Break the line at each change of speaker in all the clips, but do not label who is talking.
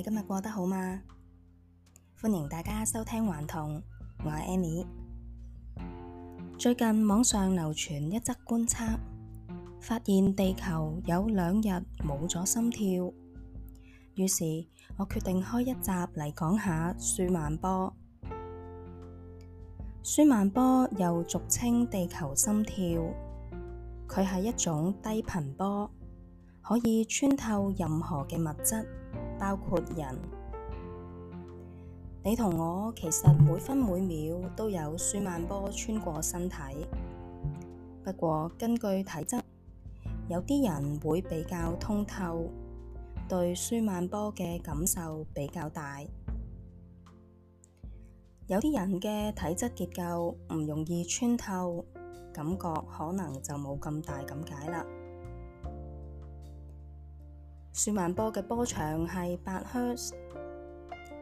你今日過得好嗎？歡迎大家收聽《還童》，我，我係 Annie。最近網上流傳一則觀測，發現地球有兩日冇咗心跳，於是我決定開一集嚟講下舒曼波。舒曼波又俗稱地球心跳，佢係一種低頻波，可以穿透任何嘅物質。包括人，你同我其實每分每秒都有舒曼波穿過身體。不過根據體質，有啲人會比較通透，對舒曼波嘅感受比較大；有啲人嘅體質結構唔容易穿透，感覺可能就冇咁大噉解喇。舒曼波嘅波長係八赫茲，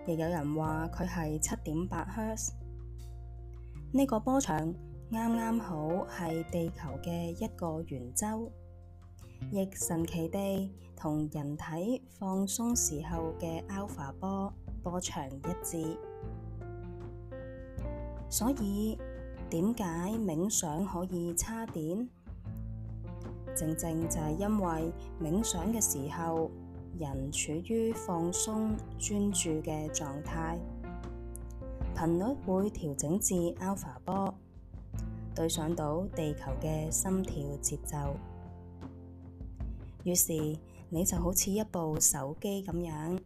亦有人話佢係七點八赫茲。呢、這個波長啱啱好係地球嘅一個圓周，亦神奇地同人體放鬆時候嘅 alpha 波波長一致。所以點解冥想可以叉電？正正就係因為冥想嘅時候，人處於放鬆專注嘅狀態，頻率會調整至 alpha 波，對上到地球嘅心跳節奏，於是你就好似一部手機咁樣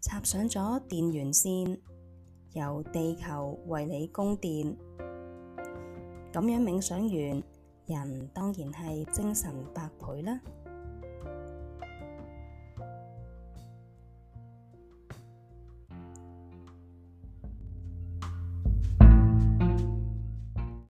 插上咗電源線，由地球為你供電。咁樣冥想完，人當然係精神百倍啦。